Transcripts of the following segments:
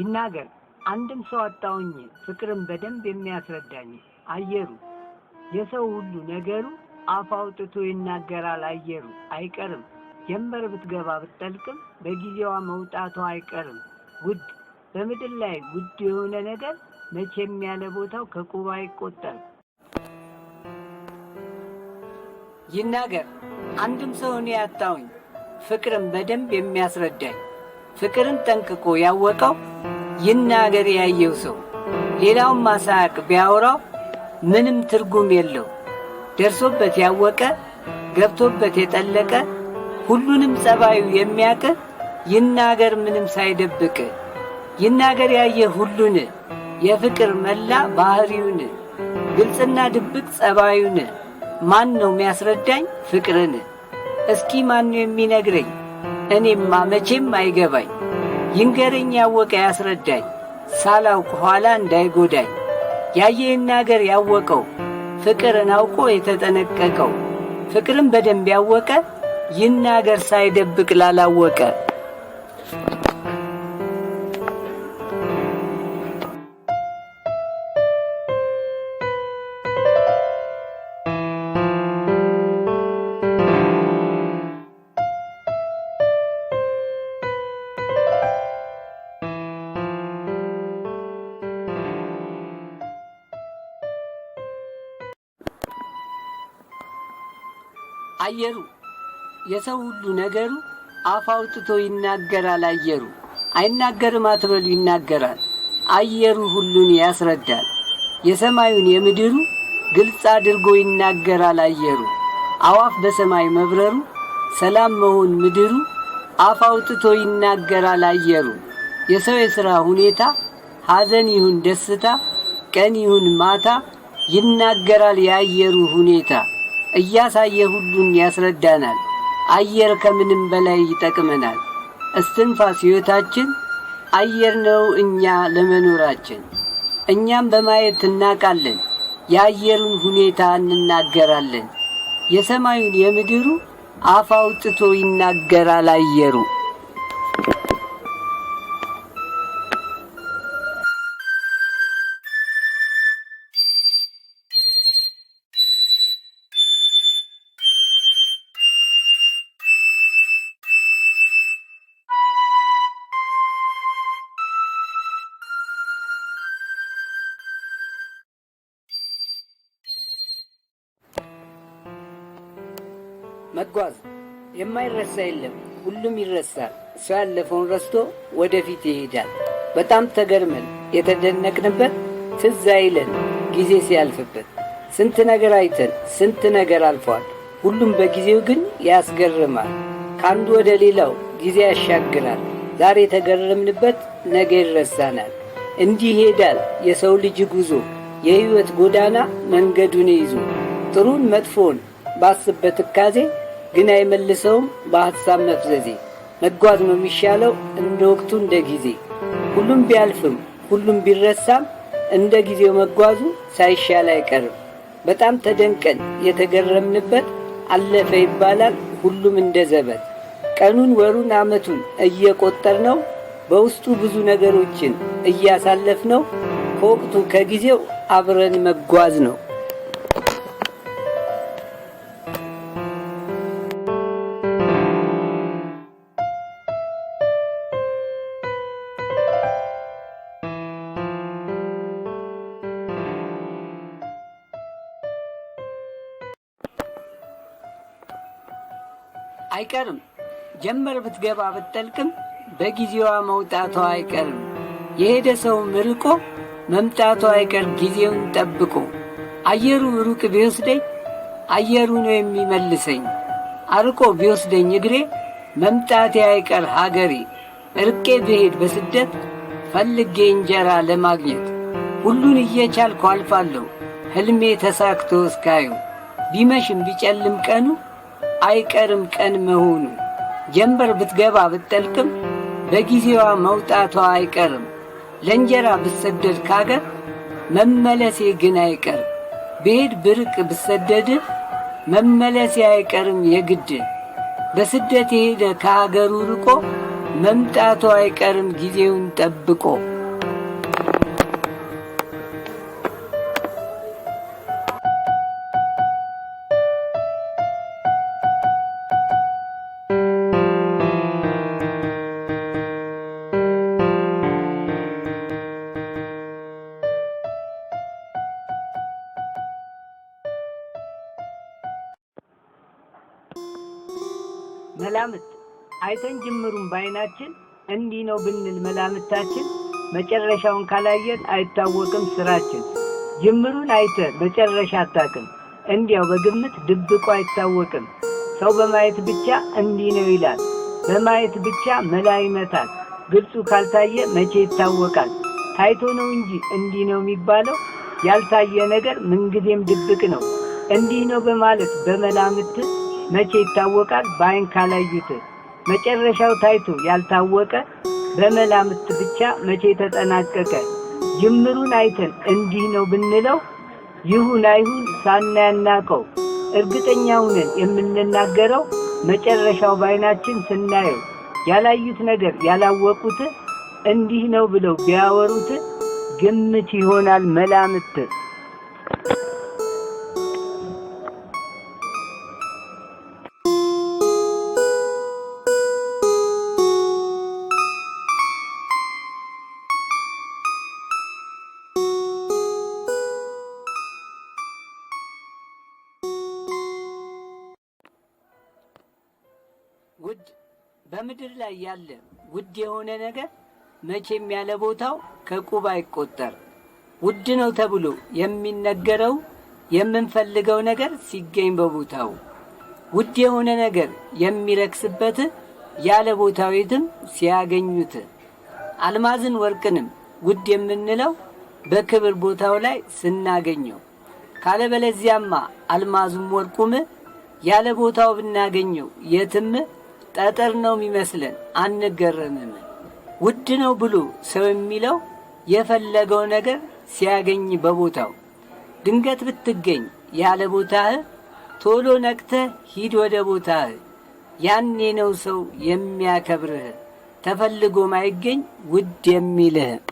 ይናገር አንድም ሰው አጣውኝ ፍቅርን በደንብ የሚያስረዳኝ አየሩ የሰው ሁሉ ነገሩ አፍ አውጥቶ ይናገራል አየሩ አይቀርም ጀንበር ብትገባ ብትጠልቅም በጊዜዋ መውጣቷ አይቀርም ውድ በምድር ላይ ውድ የሆነ ነገር መቼም ያለ ቦታው ከቁባ አይቆጠርም። ይናገር አንድም ሰው እኔ ያጣውኝ ፍቅርን በደንብ የሚያስረዳኝ ፍቅርን ጠንቅቆ ያወቀው ይናገር ያየው ሰው ሌላውን ማሳቅ ቢያወራው ምንም ትርጉም የለው። ደርሶበት ያወቀ ገብቶበት የጠለቀ ሁሉንም ጸባዩ የሚያቅ ይናገር ምንም ሳይደብቅ ይናገር ያየ ሁሉን የፍቅር መላ ባህሪውን ግልጽና ድብቅ ጸባዩን ማን ነው የሚያስረዳኝ ፍቅርን? እስኪ ማን ነው የሚነግረኝ እኔማ መቼም አይገባኝ። ይንገረኝ ያወቀ ያስረዳኝ፣ ሳላውቅ ኋላ እንዳይጎዳኝ። ያየ ይናገር ያወቀው፣ ፍቅርን አውቆ የተጠነቀቀው፣ ፍቅርን በደንብ ያወቀ ይናገር ሳይደብቅ ላላወቀ አየሩ የሰው ሁሉ ነገሩ አፍ አውጥቶ ይናገራል። አየሩ አይናገርም አትበሉ፣ ይናገራል። አየሩ ሁሉን ያስረዳል። የሰማዩን የምድሩ ግልጽ አድርጎ ይናገራል አየሩ። አዋፍ በሰማይ መብረሩ ሰላም መሆን ምድሩ አፍ አውጥቶ ይናገራል አየሩ። የሰው የሥራ ሁኔታ ሐዘን ይሁን ደስታ፣ ቀን ይሁን ማታ ይናገራል የአየሩ ሁኔታ። እያሳየ ሁሉን ያስረዳናል። አየር ከምንም በላይ ይጠቅመናል። እስትንፋስ ሕይወታችን አየር ነው እኛ ለመኖራችን። እኛም በማየት እናቃለን፣ የአየሩን ሁኔታ እንናገራለን። የሰማዩን የምድሩ አፍ አውጥቶ ይናገራል አየሩ። መጓዝ የማይረሳ የለም። ሁሉም ይረሳል። ሰው ያለፈውን ረስቶ ወደፊት ይሄዳል። በጣም ተገርመን የተደነቅንበት ትዝ አይለን ጊዜ ሲያልፍበት። ስንት ነገር አይተን ስንት ነገር አልፏል። ሁሉም በጊዜው ግን ያስገርማል። ከአንዱ ወደ ሌላው ጊዜ ያሻግራል። ዛሬ የተገረምንበት ነገ ይረሳናል። እንዲህ ይሄዳል የሰው ልጅ ጉዞ የሕይወት ጎዳና መንገዱን ይዞ ጥሩን መጥፎውን ባስበት እካዜ ግን አይመልሰውም በሐሳብ መፍዘዜ። መጓዝ ነው የሚሻለው እንደ ወቅቱ እንደ ጊዜ። ሁሉም ቢያልፍም ሁሉም ቢረሳም እንደ ጊዜው መጓዙ ሳይሻል አይቀርም። በጣም ተደንቀን የተገረምንበት አለፈ ይባላል ሁሉም እንደ ዘበት። ቀኑን ወሩን ዓመቱን እየቆጠር ነው በውስጡ ብዙ ነገሮችን እያሳለፍ ነው ከወቅቱ ከጊዜው አብረን መጓዝ ነው። አይቀርም። ጀመር ብትገባ ብትጠልቅም በጊዜዋ መውጣቷ አይቀርም። የሄደ ሰውም ርቆ መምጣቷ አይቀር ጊዜውን ጠብቆ። አየሩ ሩቅ ቢወስደኝ አየሩ ነው የሚመልሰኝ። አርቆ ቢወስደኝ እግሬ መምጣቴ አይቀር ሀገሬ። እርቄ ብሄድ በስደት ፈልጌ እንጀራ ለማግኘት ሁሉን እየቻልኩ አልፋለሁ ህልሜ ተሳክቶ እስካዩ ቢመሽም ቢጨልም ቀኑ አይቀርም ቀን መሆኑ። ጀንበር ብትገባ ብትጠልቅም በጊዜዋ መውጣቷ አይቀርም። ለእንጀራ ብትሰደድ ካገር መመለሴ ግን አይቀርም። ብሄድ ብርቅ ብሰደድ መመለሴ አይቀርም የግድ። በስደት የሄደ ከአገሩ ርቆ መምጣቱ አይቀርም ጊዜውን ጠብቆ። አይተን ጅምሩን ባይናችን እንዲህ ነው ብንል መላምታችን መጨረሻውን ካላየን አይታወቅም ስራችን። ጅምሩን አይተ መጨረሻ አታቅም፣ እንዲያው በግምት ድብቆ አይታወቅም። ሰው በማየት ብቻ እንዲህ ነው ይላል፣ በማየት ብቻ መላ ይመታል። ግልጹ ካልታየ መቼ ይታወቃል? ታይቶ ነው እንጂ እንዲህ ነው የሚባለው። ያልታየ ነገር ምንጊዜም ድብቅ ነው። እንዲህ ነው በማለት በመላምት መቼ ይታወቃል? በአይን ካላዩት መጨረሻው ታይቶ ያልታወቀ በመላምት ብቻ መቼ ተጠናቀቀ ጅምሩን አይተን እንዲህ ነው ብንለው ይሁን አይሁን ሳናያናቀው እርግጠኛውንን የምንናገረው መጨረሻው ባይናችን ስናየው ያላዩት ነገር ያላወቁት እንዲህ ነው ብለው ቢያወሩት ግምት ይሆናል መላምት። በምድር ላይ ያለ ውድ የሆነ ነገር መቼም ያለ ቦታው ከቁብ አይቆጠር። ውድ ነው ተብሎ የሚነገረው የምንፈልገው ነገር ሲገኝ በቦታው ውድ የሆነ ነገር የሚረክስበት ያለ ቦታዊትም ሲያገኙት አልማዝን ወርቅንም ውድ የምንለው በክብር ቦታው ላይ ስናገኘው፣ ካለበለዚያማ አልማዙም ወርቁም ያለ ቦታው ብናገኘው የትም ጠጠር ነው የሚመስለን፣ አንገረምም። ውድ ነው ብሎ ሰው የሚለው የፈለገው ነገር ሲያገኝ በቦታው ድንገት ብትገኝ ያለ ቦታህ ቶሎ ነቅተህ ሂድ ወደ ቦታህ። ያኔ ነው ሰው የሚያከብርህ ተፈልጎ ማይገኝ ውድ የሚልህ።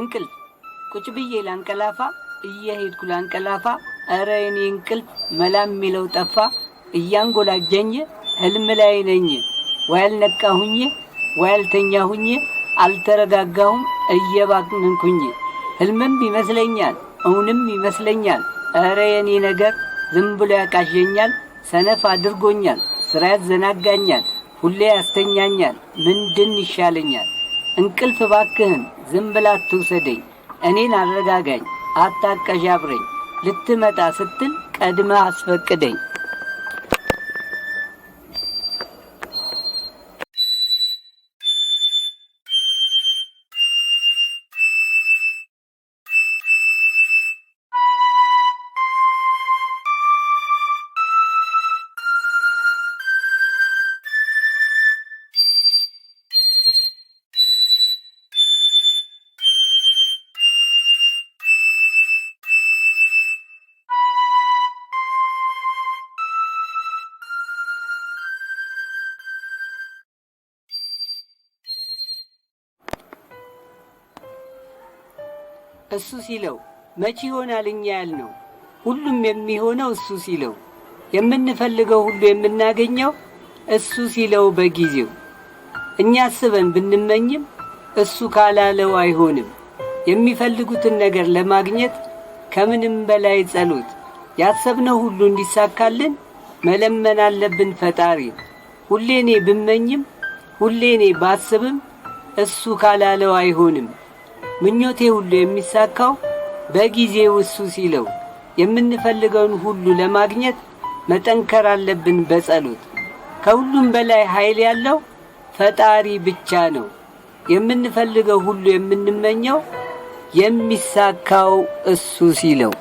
እንቅልፍ ቁጭ ብዬ ላንቀላፋ እየሄድኩ ላንቀላፋ እረ የኔ እንቅልፍ መላም የሚለው ጠፋ እያንጎላጀኝ ህልም ላይ ነኝ ወያል ነቃሁኝ ወያል አልተረጋጋሁም እየባክንኩኝ ህልምም ይመስለኛል እውንም ይመስለኛል እረ የኔ ነገር ዝም ብሎ ያቃዠኛል ሰነፍ አድርጎኛል ስራ ያዘናጋኛል ሁሌ ያስተኛኛል ምንድን ይሻለኛል እንቅልፍ ባክህን ዝም ብላ አትውሰደኝ፣ እኔን አረጋጋኝ፣ አታቀዣብረኝ፣ ልትመጣ ስትል ቀድመ አስፈቅደኝ። እሱ ሲለው መቼ ይሆናል እኛ ያልነው? ሁሉም የሚሆነው እሱ ሲለው፣ የምንፈልገው ሁሉ የምናገኘው እሱ ሲለው በጊዜው። እኛ አስበን ብንመኝም እሱ ካላለው አይሆንም። የሚፈልጉትን ነገር ለማግኘት ከምንም በላይ ጸሎት፣ ያሰብነው ሁሉ እንዲሳካልን መለመን አለብን ፈጣሪ። ሁሌኔ ብመኝም ሁሌኔ ባስብም እሱ ካላለው አይሆንም። ምኞቴ ሁሉ የሚሳካው በጊዜው እሱ ሲለው የምንፈልገውን ሁሉ ለማግኘት መጠንከር አለብን በጸሎት። ከሁሉም በላይ ኃይል ያለው ፈጣሪ ብቻ ነው። የምንፈልገው ሁሉ የምንመኘው የሚሳካው እሱ ሲለው